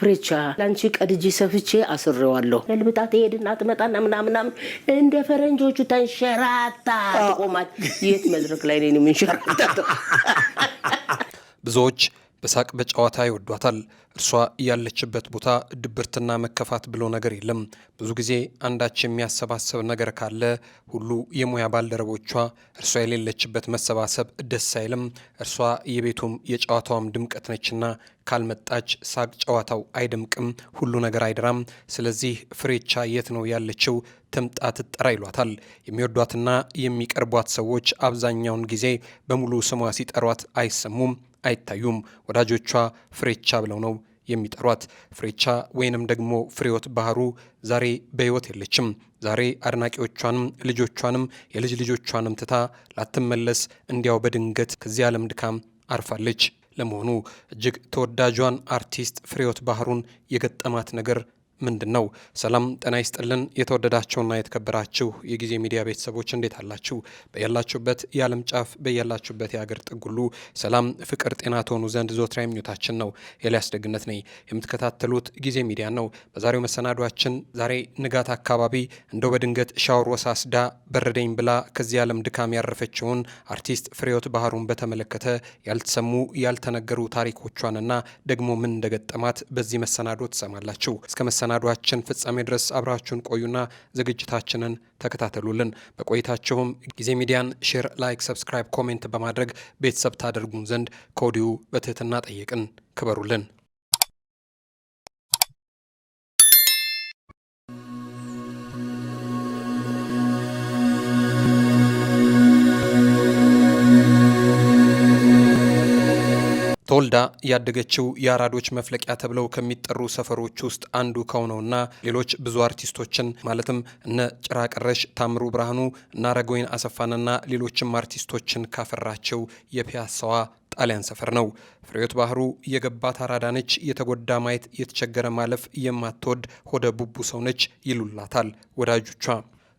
ፍሬቻ ለአንቺ ቀድጂ ሰፍቼ አስሬዋለሁ። ለልብጣ ትሄድና ትመጣና ምናምናም እንደ ፈረንጆቹ ተንሸራታ ትቆማት የት መድረክ ላይ ነው የምንሸራታ? ብዙዎች በሳቅ በጨዋታ ይወዷታል። እርሷ ያለችበት ቦታ ድብርትና መከፋት ብሎ ነገር የለም። ብዙ ጊዜ አንዳች የሚያሰባሰብ ነገር ካለ ሁሉ የሙያ ባልደረቦቿ እርሷ የሌለችበት መሰባሰብ ደስ አይልም። እርሷ የቤቱም የጨዋታዋም ድምቀት ነችና ካልመጣች ሳቅ ጨዋታው አይደምቅም፣ ሁሉ ነገር አይደራም። ስለዚህ ፍሬቻ የት ነው ያለችው? ትምጣ ትጠራ ይሏታል። የሚወዷትና የሚቀርቧት ሰዎች አብዛኛውን ጊዜ በሙሉ ስሟ ሲጠሯት አይሰሙም። አይታዩም። ወዳጆቿ ፍሬቻ ብለው ነው የሚጠሯት። ፍሬቻ ወይንም ደግሞ ፍሬወት ባህሩ ዛሬ በሕይወት የለችም። ዛሬ አድናቂዎቿንም ልጆቿንም የልጅ ልጆቿንም ትታ ላትመለስ እንዲያው በድንገት ከዚህ ዓለም ድካም አርፋለች። ለመሆኑ እጅግ ተወዳጇን አርቲስት ፍሬወት ባህሩን የገጠማት ነገር ምንድን ነው? ሰላም ጤና ይስጥልን። የተወደዳችሁና የተከበራችሁ የጊዜ ሚዲያ ቤተሰቦች እንዴት አላችሁ? በያላችሁበት የዓለም ጫፍ በያላችሁበት የአገር ጥግ ሰላም፣ ፍቅር፣ ጤና ትሆኑ ዘንድ ዞትራ ምኞታችን ነው። ኤልያስ ደግነት ነኝ። የምትከታተሉት ጊዜ ሚዲያ ነው። በዛሬው መሰናዷችን ዛሬ ንጋት አካባቢ እንደው በድንገት ሻወር ወሳስዳ በረደኝ ብላ ከዚህ ዓለም ድካም ያረፈችውን አርቲስት ፍሬህይወት ባህሩን በተመለከተ ያልተሰሙ ያልተነገሩ ታሪኮቿንና ደግሞ ምን እንደገጠማት በዚህ መሰናዶ ትሰማላችሁ እስከ መሰናዷችን ፍጻሜ ድረስ አብራችሁን ቆዩና ዝግጅታችንን ተከታተሉልን። በቆይታችሁም ጊዜ ሚዲያን ሼር፣ ላይክ፣ ሰብስክራይብ፣ ኮሜንት በማድረግ ቤተሰብ ታደርጉን ዘንድ ከወዲሁ በትህትና ጠየቅን። ክበሩልን። ተወልዳ ያደገችው የአራዶች መፍለቂያ ተብለው ከሚጠሩ ሰፈሮች ውስጥ አንዱ ከሆነውና ሌሎች ብዙ አርቲስቶችን ማለትም እነ ጭራቅረሽ ታምሩ ብርሃኑ እነ አረጋወይን አሰፋንና ሌሎችም አርቲስቶችን ካፈራቸው የፒያሳዋ ጣሊያን ሰፈር ነው። ፍሬህይወት ባህሩ የገባት አራዳ ነች፣ የተጎዳ ማየት፣ የተቸገረ ማለፍ የማትወድ ሆደ ቡቡ ሰው ነች ይሉላታል ወዳጆቿ።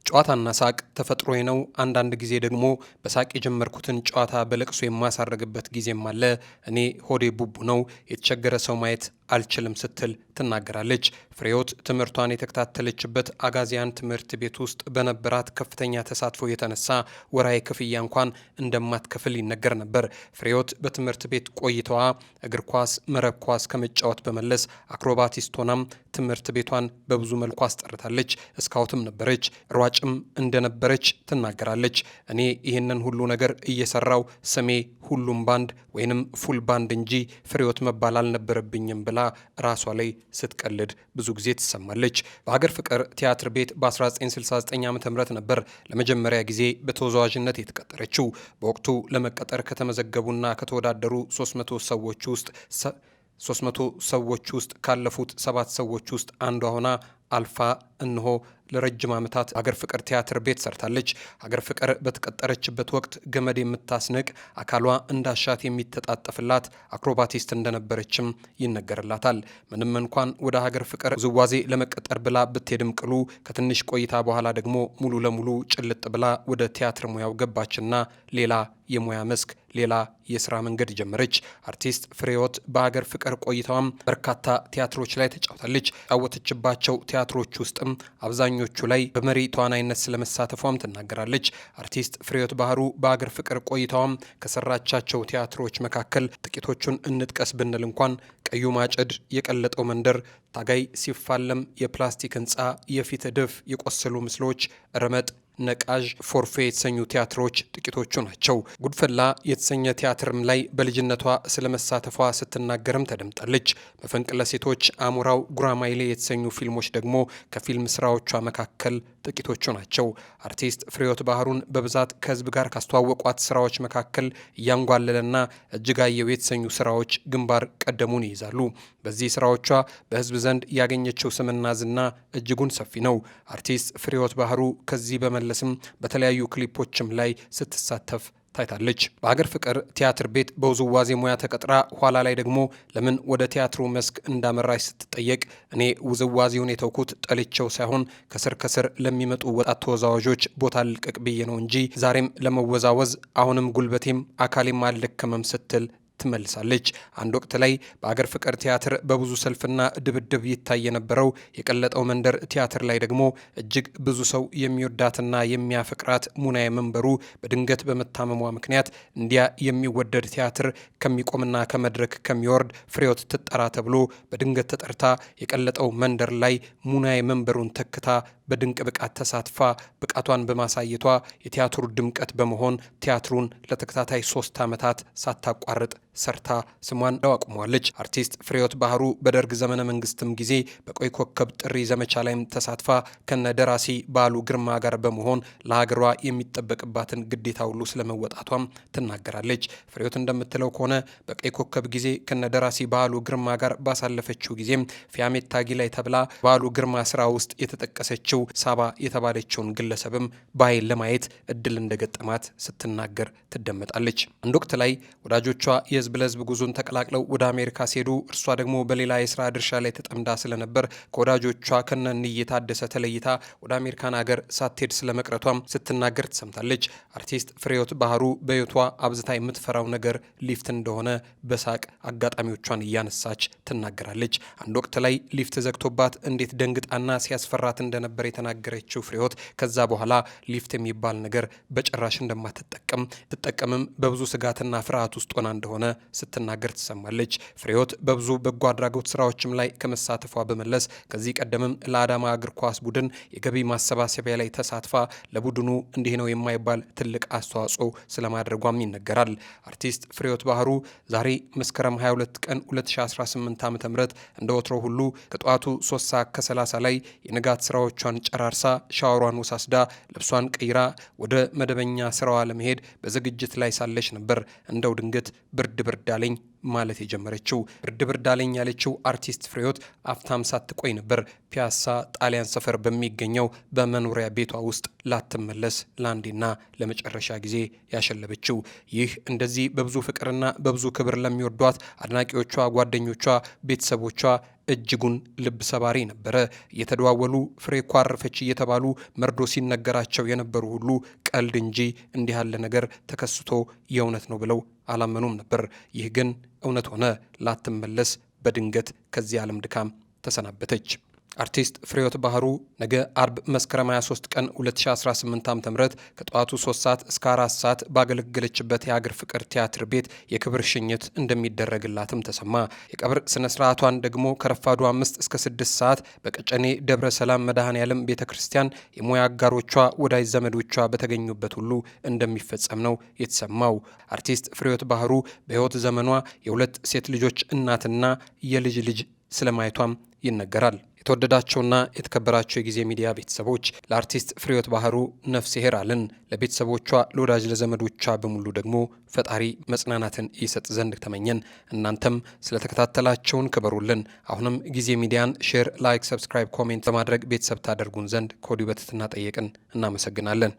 ጨዋታና ሳቅ ተፈጥሮዬ ነው። አንዳንድ ጊዜ ደግሞ በሳቅ የጀመርኩትን ጨዋታ በለቅሶ የማሳረግበት ጊዜም አለ። እኔ ሆዴ ቡቡ ነው። የተቸገረ ሰው ማየት አልችልም ስትል ትናገራለች። ፍሬዎት ትምህርቷን የተከታተለችበት አጋዚያን ትምህርት ቤት ውስጥ በነበራት ከፍተኛ ተሳትፎ የተነሳ ወራዊ ክፍያ እንኳን እንደማትከፍል ይነገር ነበር። ፍሬዎት በትምህርት ቤት ቆይታዋ እግር ኳስ፣ መረብ ኳስ ከመጫወት በመለስ አክሮባቲስት ሆናም ትምህርት ቤቷን በብዙ መልኩ አስጠርታለች። እስካውትም ነበረች፣ ሯጭም እንደነበረች ትናገራለች። እኔ ይህንን ሁሉ ነገር እየሰራው ስሜ ሁሉም ባንድ ወይንም ፉል ባንድ እንጂ ፍሬዎት መባል አልነበረብኝም ብላ ራሷ ላይ ስትቀልድ ብዙ ጊዜ ትሰማለች። በሀገር ፍቅር ቲያትር ቤት በ1969 ዓ ም ነበር ለመጀመሪያ ጊዜ በተወዛዋዥነት የተቀጠረችው። በወቅቱ ለመቀጠር ከተመዘገቡና ከተወዳደሩ 300 ሰዎች ውስጥ 300 ሰዎች ውስጥ ካለፉት ሰባት ሰዎች ውስጥ አንዷ ሆና አልፋ እነሆ ለረጅም ዓመታት ሀገር ፍቅር ቲያትር ቤት ሰርታለች። ሀገር ፍቅር በተቀጠረችበት ወቅት ገመድ የምታስንቅ አካሏ እንዳሻት የሚተጣጠፍላት አክሮባቲስት እንደነበረችም ይነገርላታል። ምንም እንኳን ወደ ሀገር ፍቅር ውዝዋዜ ለመቀጠር ብላ ብትሄድም ቅሉ ከትንሽ ቆይታ በኋላ ደግሞ ሙሉ ለሙሉ ጭልጥ ብላ ወደ ቲያትር ሙያው ገባችና ሌላ የሙያ መስክ ሌላ የስራ መንገድ ጀመረች። አርቲስት ፍሬህይወት በሀገር ፍቅር ቆይታዋም በርካታ ቲያትሮች ላይ ተጫውታለች። ተጫወተችባቸው ቲያትሮች ውስጥ በመመረጥም አብዛኞቹ ላይ በመሪ ተዋናይነት ስለመሳተፏም ትናገራለች። አርቲስት ፍሬህይወት ባህሩ በአገር ፍቅር ቆይታዋም ከሰራቻቸው ቲያትሮች መካከል ጥቂቶቹን እንጥቀስ ብንል እንኳን ቀዩ ማጭድ፣ የቀለጠው መንደር፣ ታጋይ ሲፋለም፣ የፕላስቲክ ህንፃ፣ የፊት እድፍ፣ የቆሰሉ ምስሎች፣ ረመጥ ነቃዥ፣ ፎርፌ የተሰኙ ቲያትሮች ጥቂቶቹ ናቸው። ጉድፈላ የተሰኘ ቲያትርም ላይ በልጅነቷ ስለ መሳተፏ ስትናገርም ተደምጣለች። መፈንቅለ ሴቶች፣ አሞራው፣ ጉራማይሌ የተሰኙ ፊልሞች ደግሞ ከፊልም ስራዎቿ መካከል ጥቂቶቹ ናቸው። አርቲስት ፍሬዮት ባህሩን በብዛት ከህዝብ ጋር ካስተዋወቋት ስራዎች መካከል እያንጓለለና እጅጋየው የተሰኙ ስራዎች ግንባር ቀደሙን ይይዛል። ይይዛሉ። በዚህ ስራዎቿ በህዝብ ዘንድ ያገኘችው ስምና ዝና እጅጉን ሰፊ ነው። አርቲስት ፍሬህይወት ባህሩ ከዚህ በመለስም በተለያዩ ክሊፖችም ላይ ስትሳተፍ ታይታለች። በሀገር ፍቅር ቲያትር ቤት በውዝዋዜ ሙያ ተቀጥራ ኋላ ላይ ደግሞ ለምን ወደ ቲያትሩ መስክ እንዳመራች ስትጠየቅ እኔ ውዝዋዜውን የተውኩት ጠልቸው ሳይሆን ከስር ከስር ለሚመጡ ወጣት ተወዛዋዦች ቦታ ልቀቅ ብዬ ነው እንጂ ዛሬም ለመወዛወዝ አሁንም ጉልበቴም አካሌም አልደከመም ስትል ትመልሳለች። አንድ ወቅት ላይ በአገር ፍቅር ቲያትር በብዙ ሰልፍና ድብድብ ይታይ የነበረው የቀለጠው መንደር ቲያትር ላይ ደግሞ እጅግ ብዙ ሰው የሚወዳትና የሚያፈቅራት ሙናዬ መንበሩ በድንገት በመታመሟ ምክንያት እንዲያ የሚወደድ ቲያትር ከሚቆምና ከመድረክ ከሚወርድ ፍሬዎት ትጠራ ተብሎ በድንገት ተጠርታ የቀለጠው መንደር ላይ ሙናዬ መንበሩን ተክታ በድንቅ ብቃት ተሳትፋ ብቃቷን በማሳየቷ የቲያትሩ ድምቀት በመሆን ቲያትሩን ለተከታታይ ሶስት ዓመታት ሳታቋርጥ ሰርታ ስሟን አዋቁሟለች። አርቲስት ፍሬህይወት ባህሩ በደርግ ዘመነ መንግስትም ጊዜ በቀይ ኮከብ ጥሪ ዘመቻ ላይም ተሳትፋ ከነ ደራሲ በዓሉ ግርማ ጋር በመሆን ለሀገሯ የሚጠበቅባትን ግዴታ ሁሉ ስለመወጣቷም ትናገራለች። ፍሬህይወት እንደምትለው ከሆነ በቀይ ኮከብ ጊዜ ከነ ደራሲ በዓሉ ግርማ ጋር ባሳለፈችው ጊዜም ታጊ ላይ ተብላ በዓሉ ግርማ ስራ ውስጥ የተጠቀሰችው ሳባ የተባለችውን ግለሰብም በአይን ለማየት እድል እንደገጠማት ስትናገር ትደመጣለች። አንድ ወቅት ላይ ወዳጆቿ የ የህዝብ ለህዝብ ጉዞን ተቀላቅለው ወደ አሜሪካ ሲሄዱ እርሷ ደግሞ በሌላ የስራ ድርሻ ላይ ተጠምዳ ስለነበር ከወዳጆቿ ከነን እየታደሰ ተለይታ ወደ አሜሪካን ሀገር ሳትሄድ ስለመቅረቷም ስትናገር ትሰምታለች። አርቲስት ፍሬህይወት ባህሩ በህይወቷ አብዝታ የምትፈራው ነገር ሊፍት እንደሆነ በሳቅ አጋጣሚዎቿን እያነሳች ትናገራለች። አንድ ወቅት ላይ ሊፍት ዘግቶባት እንዴት ደንግጣና ሲያስፈራት እንደነበር የተናገረችው ፍሬህይወት ከዛ በኋላ ሊፍት የሚባል ነገር በጭራሽ እንደማትጠቀም ትጠቀምም በብዙ ስጋትና ፍርሃት ውስጥ ሆና እንደሆነ ስትናገር ትሰማለች። ፍሬህይወት በብዙ በጎ አድራጎት ስራዎችም ላይ ከመሳተፏ በመለስ ከዚህ ቀደምም ለአዳማ እግር ኳስ ቡድን የገቢ ማሰባሰቢያ ላይ ተሳትፋ ለቡድኑ እንዲህ ነው የማይባል ትልቅ አስተዋጽኦ ስለማድረጓም ይነገራል። አርቲስት ፍሬህይወት ባህሩ ዛሬ መስከረም 22 ቀን 2018 ዓ ም እንደ ወትሮ ሁሉ ከጠዋቱ 3 ሰዓት ከ30 ላይ የንጋት ስራዎቿን ጨራርሳ ሻወሯን ወሳስዳ ልብሷን ቀይራ ወደ መደበኛ ስራዋ ለመሄድ በዝግጅት ላይ ሳለች ነበር እንደው ድንገት ብርድ ብርድ አለኝ ማለት የጀመረችው። ብርድ ብርድ አለኝ ያለችው አርቲስት ፍሬህይወት አፍታም ሳትቆይ ነበር ፒያሳ ጣሊያን ሰፈር በሚገኘው በመኖሪያ ቤቷ ውስጥ ላትመለስ ለአንዴና ለመጨረሻ ጊዜ ያሸለበችው። ይህ እንደዚህ በብዙ ፍቅርና በብዙ ክብር ለሚወዷት አድናቂዎቿ፣ ጓደኞቿ፣ ቤተሰቦቿ እጅጉን ልብ ሰባሪ ነበረ። እየተደዋወሉ ፍሬ እኮ አረፈች እየተባሉ መርዶ ሲነገራቸው የነበሩ ሁሉ ቀልድ እንጂ እንዲህ ያለ ነገር ተከስቶ የእውነት ነው ብለው አላመኑም ነበር። ይህ ግን እውነት ሆነ። ላትመለስ በድንገት ከዚህ ዓለም ድካም ተሰናበተች። አርቲስት ፍሬዮት ባህሩ ነገ አርብ መስከረም 23 ቀን 2018 ዓ.ም ከጠዋቱ 3 ሰዓት እስከ 4 ሰዓት ባገለገለችበት የሀገር ፍቅር ቲያትር ቤት የክብር ሽኝት እንደሚደረግላትም ተሰማ። የቀብር ስነ ስርዓቷን ደግሞ ከረፋዱ 5 እስከ 6 ሰዓት በቀጨኔ ደብረ ሰላም መድኃኔ ዓለም ቤተ ክርስቲያን የሙያ አጋሮቿ፣ ወዳጅ ዘመዶቿ በተገኙበት ሁሉ እንደሚፈጸም ነው የተሰማው። አርቲስት ፍሬዮት ባህሩ በሕይወት ዘመኗ የሁለት ሴት ልጆች እናትና የልጅ ልጅ ስለማየቷም ይነገራል። የተወደዳቸውና የተከበራቸው የጊዜ ሚዲያ ቤተሰቦች ለአርቲስት ፍሬሕይወት ባህሩ ነፍስ ይሄራልን፣ ለቤተሰቦቿ ለወዳጅ ለዘመዶቿ በሙሉ ደግሞ ፈጣሪ መጽናናትን ይሰጥ ዘንድ ተመኘን። እናንተም ስለተከታተላቸውን ክበሩልን። አሁንም ጊዜ ሚዲያን ሼር፣ ላይክ፣ ሰብስክራይብ፣ ኮሜንት በማድረግ ቤተሰብ ታደርጉን ዘንድ ከወዲሁ በትህትና ጠየቅን። እናመሰግናለን።